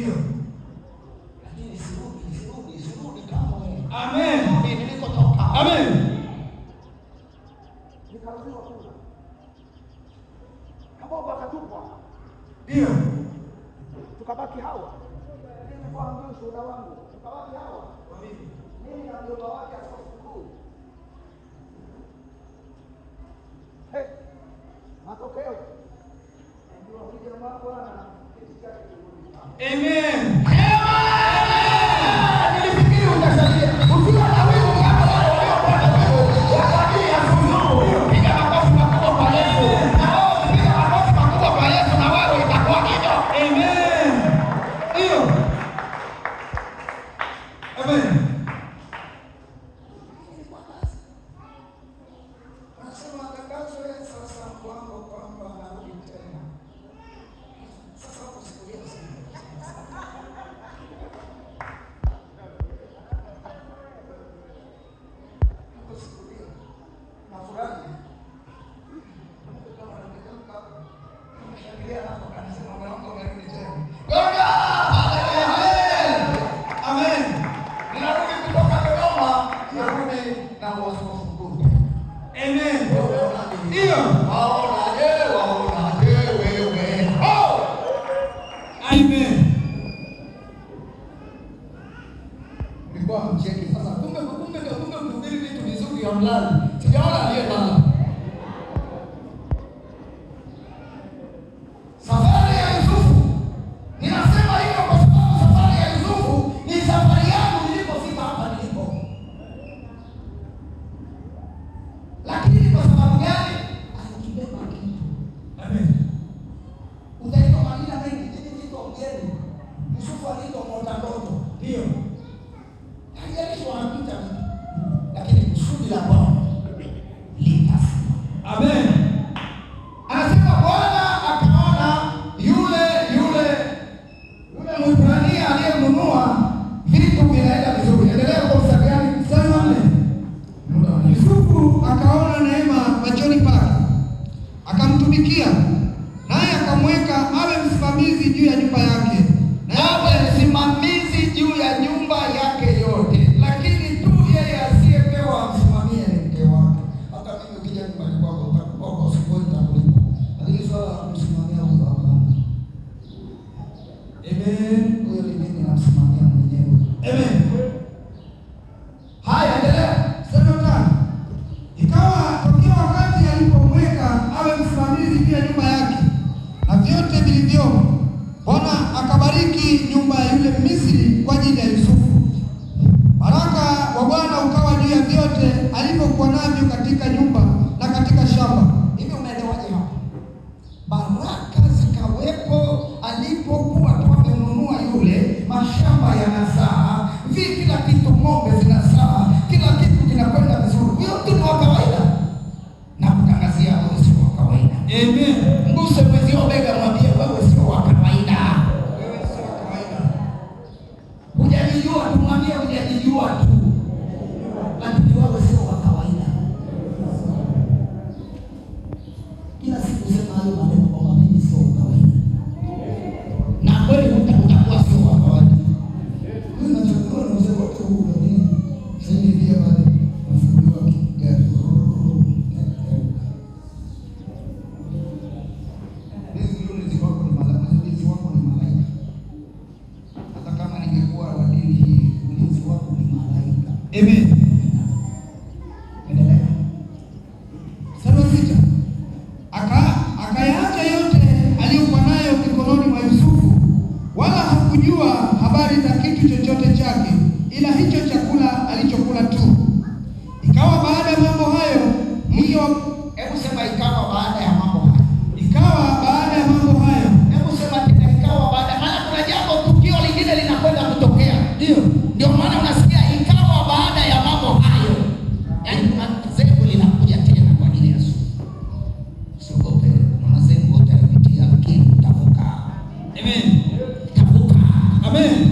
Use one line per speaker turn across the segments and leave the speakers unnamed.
Viu? happen. Nilikuwa mcheki sasa, kumbe kumbe kumbe mhubiri vitu vizuri ya mlali. Sijaona aliyelala. Amen.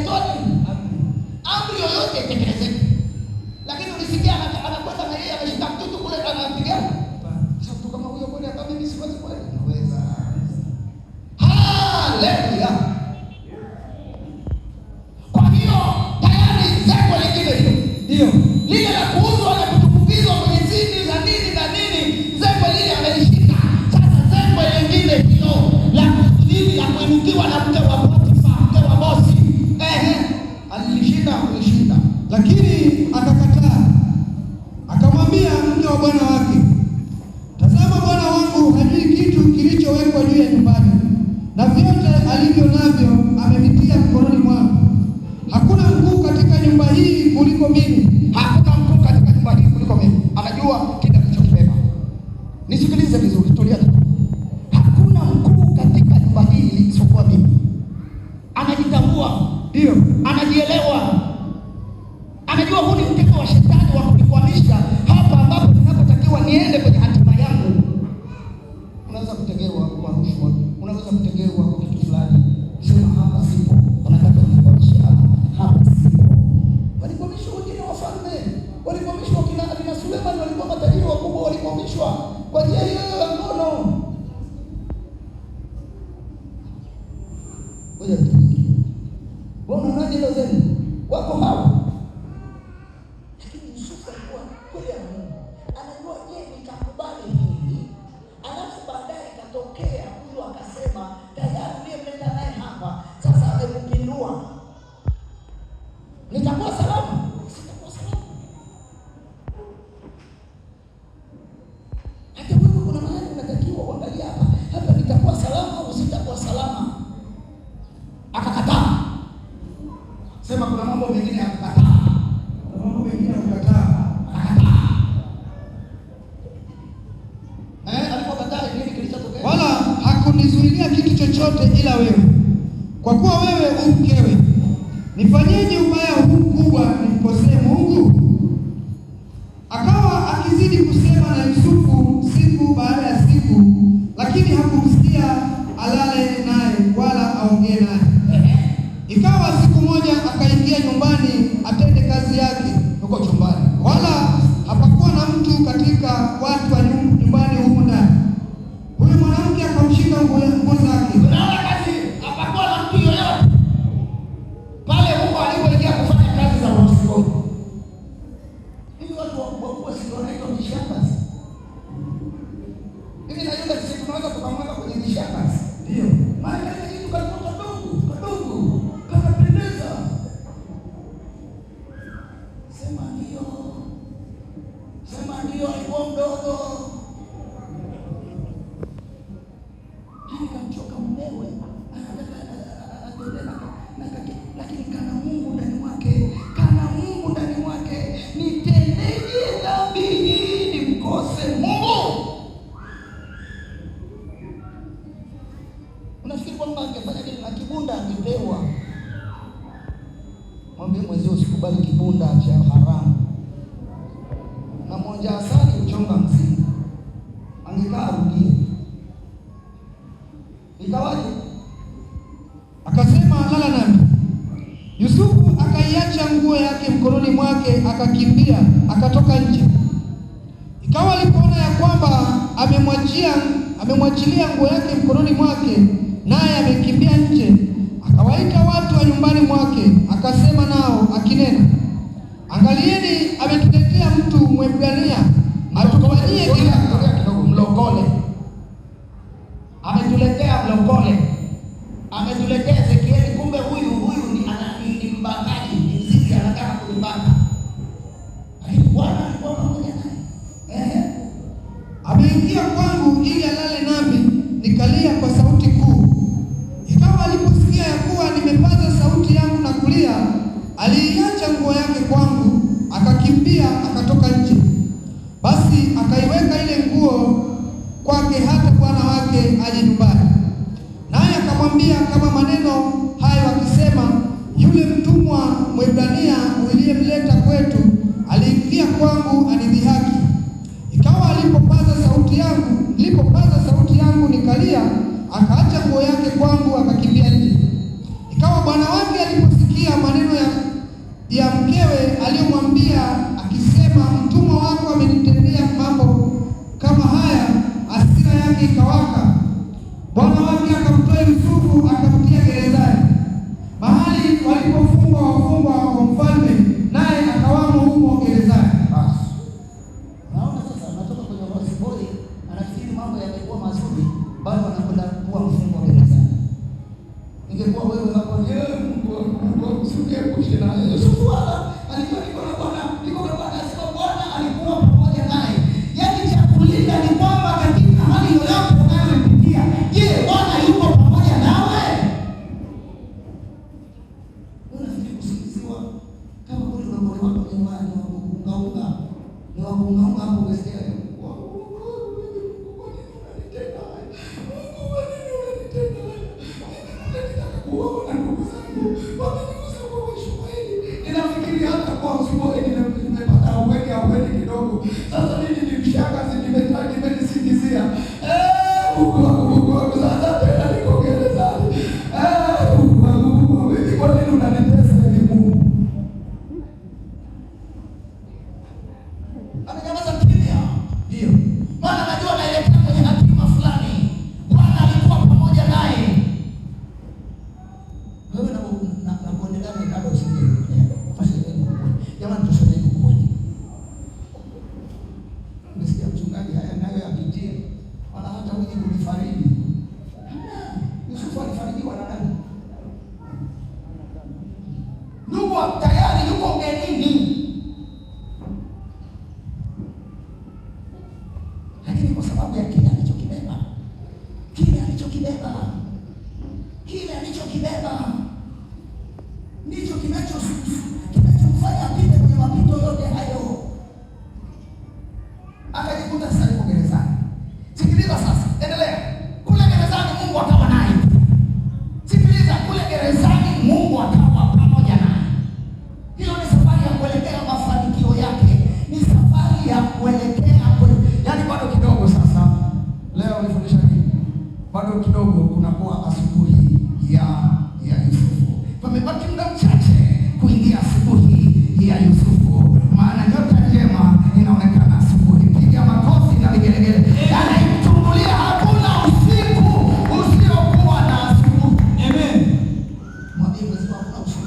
victoria. Abre o te presento. kuliko mimi siku baada ya siku, lakini hakumsikia I won't go. akakimbia akatoka nje. Ikawa alipoona ya kwamba amemwachia amemwachilia nguo yake mkononi mwake, naye amekimbia nje, akawaita watu wa nyumbani mwake, akasema nao akinena, angalieni, ametuletea mtu Mwebrania atukufanyie kidogo, mlokole. Ametuletea mlokole ili hata bwana wake aje nyumbani. Naye akamwambia kama maneno hayo akisema, yule mtumwa Mwebrania uliyemleta kwetu aliingia kwangu anidhihaki. Ikawa alipopaza sauti yangu, nilipopaza sauti yangu nikalia, akaacha nguo yake kwangu akakimbia nje. Ikawa bwana wake aliposikia maneno ya, ya mkewe aliyomwambia akisema mema ndicho kinacho kinachomfanya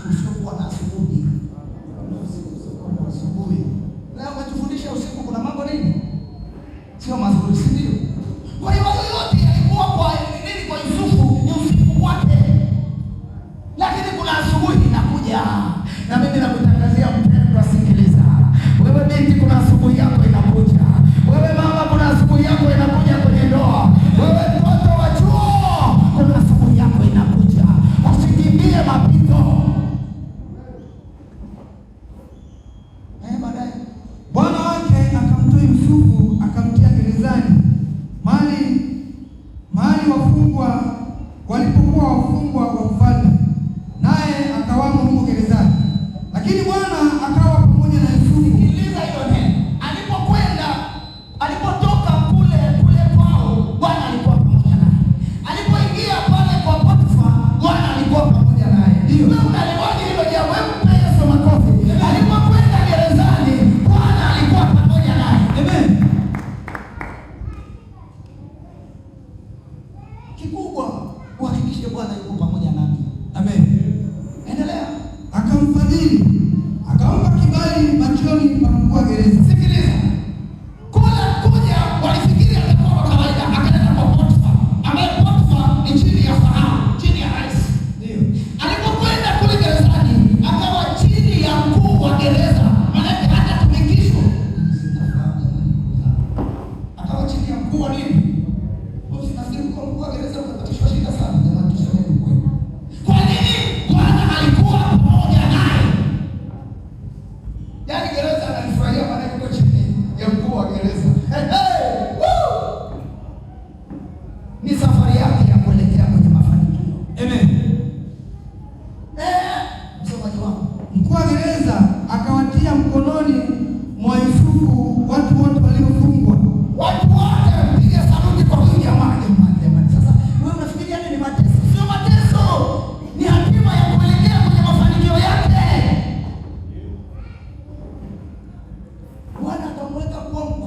usiokuwa na asubuhi. Leo umetufundisha usiku kuna mambo nini sio mazuri, si ndio?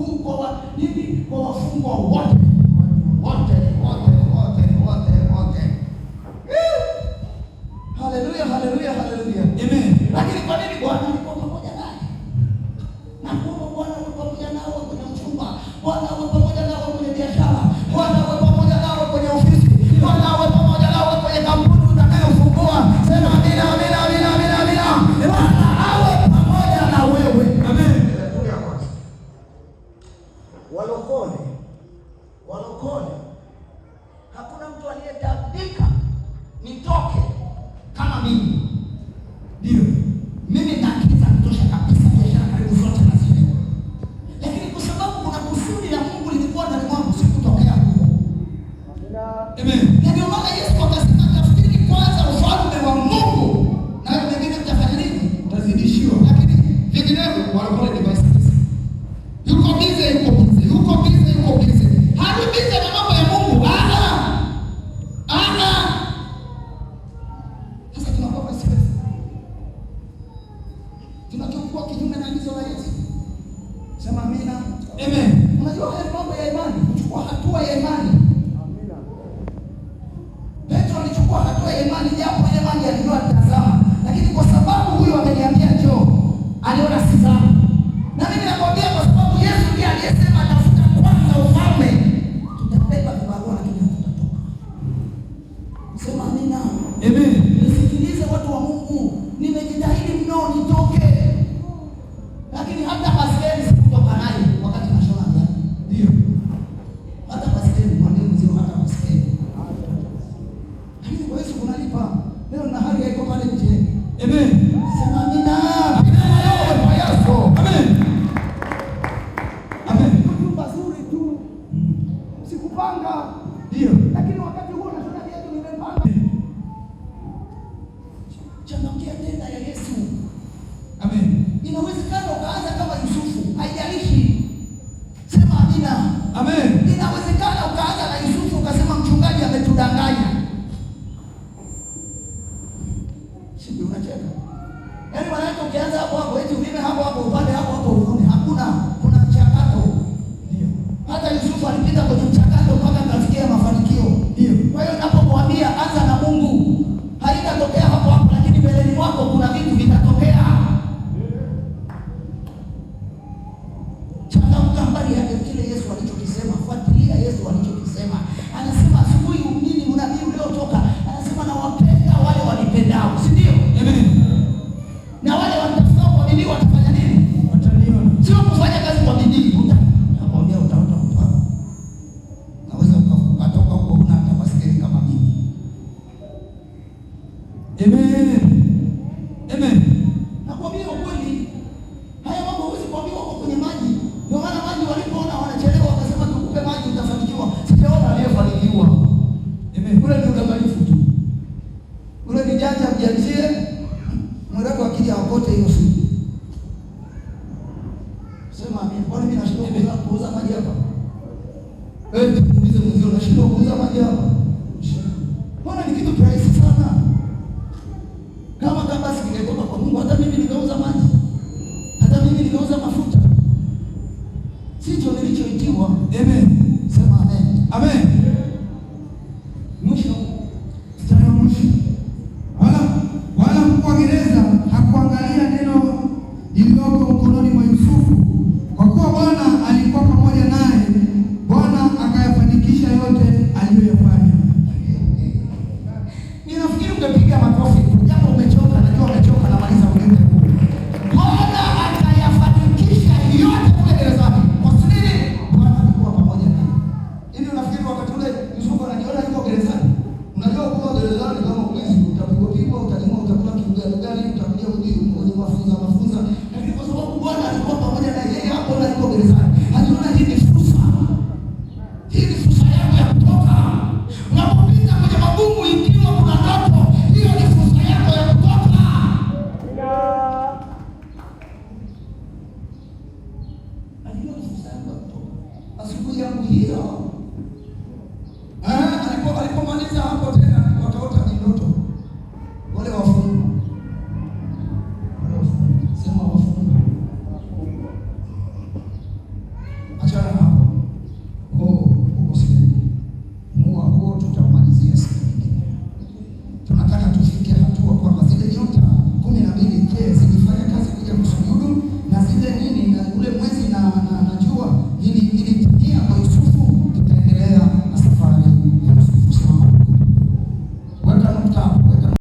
mkuu kwa nini, kwa wafungwa wote